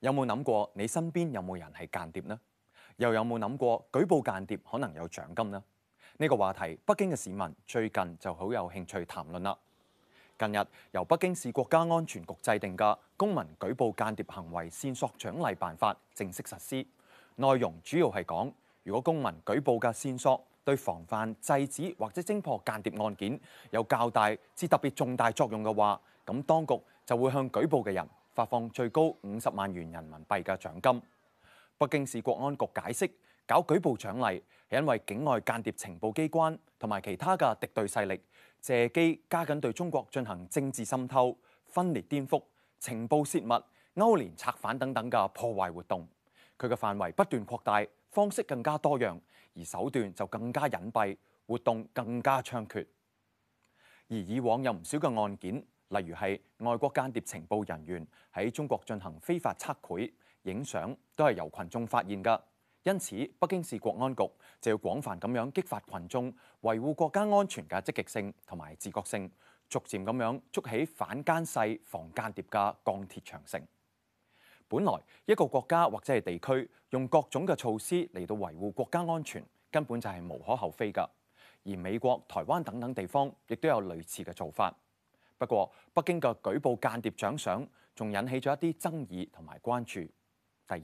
有冇諗過你身邊有冇人係間諜呢？又有冇諗過舉報間諜可能有獎金呢？呢個話題，北京嘅市民最近就好有興趣談論啦。近日，由北京市國家安全局制定嘅《公民舉報間諜行為線索獎勵辦法》正式實施。內容主要係講，如果公民舉報嘅線索對防範、制止或者偵破間諜案件有較大至特別重大作用嘅話，咁當局就會向舉報嘅人，發放最高五十萬元人民幣嘅獎金。北京市國安局解釋，搞舉報獎勵係因為境外間諜情報機關同埋其他嘅敵對勢力，借機加緊對中國進行政治滲透、分裂顛覆、情報泄密、勾連策反等等嘅破壞活動。佢嘅範圍不斷擴大，方式更加多樣，而手段就更加隱蔽，活動更加猖獗。而以往有唔少嘅案件。例如係外國間諜情報人員喺中國進行非法測繪、影相，都係由群眾發現嘅。因此，北京市國安局就要廣泛咁樣激發群眾維護國家安全嘅積極性同埋自覺性，逐漸咁樣築起反奸細、防間諜嘅鋼鐵長城。本來一個國家或者係地區用各種嘅措施嚟到維護國家安全，根本就係無可厚非嘅。而美國、台灣等等地方亦都有類似嘅做法。不過，北京嘅舉報間諜獎賞仲引起咗一啲爭議同埋關注。第一，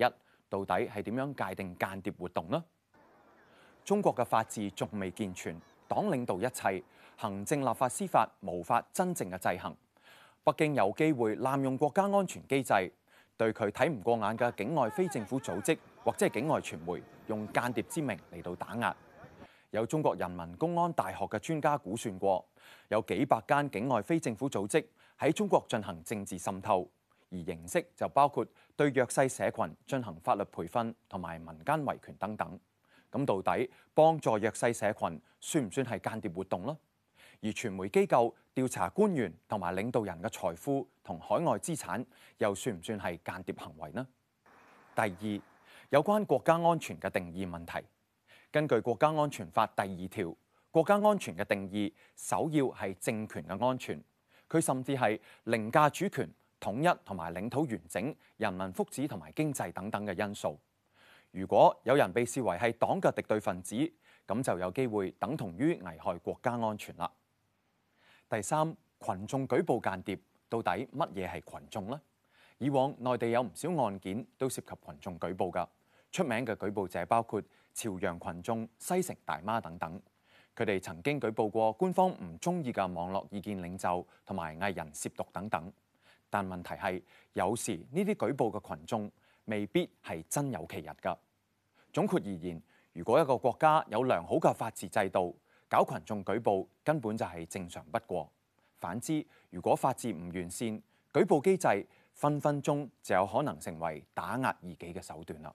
到底係點樣界定間諜活動呢？中國嘅法治仲未健全，黨領導一切，行政、立法、司法無法真正嘅制衡。北京有機會濫用國家安全機制，對佢睇唔過眼嘅境外非政府組織或者境外傳媒，用間諜之名嚟到打壓。有中國人民公安大學嘅專家估算過，有幾百間境外非政府組織喺中國進行政治滲透，而形式就包括對弱勢社群進行法律培訓同埋民間維權等等。咁到底幫助弱勢社群算唔算係間諜活動呢？而傳媒機構調查官員同埋領導人嘅財富同海外資產，又算唔算係間諜行為呢？第二，有關國家安全嘅定義問題。根據《國家安全法》第二條，國家安全嘅定義首要係政權嘅安全，佢甚至係凌駕主權、統一同埋領土完整、人民福祉同埋經濟等等嘅因素。如果有人被視為係黨嘅敵對分子，咁就有機會等同於危害國家安全啦。第三，群眾舉報間諜，到底乜嘢係群眾呢？以往內地有唔少案件都涉及群眾舉報㗎。出名嘅舉報者包括朝陽群眾、西城大媽等等，佢哋曾經舉報過官方唔中意嘅網絡意見領袖同埋藝人涉毒等等。但問題係有時呢啲舉報嘅群眾未必係真有其日㗎。總括而言，如果一個國家有良好嘅法治制度，搞群眾舉報根本就係正常不過。反之，如果法治唔完善，舉報機制分分鐘就有可能成為打壓異己嘅手段啦。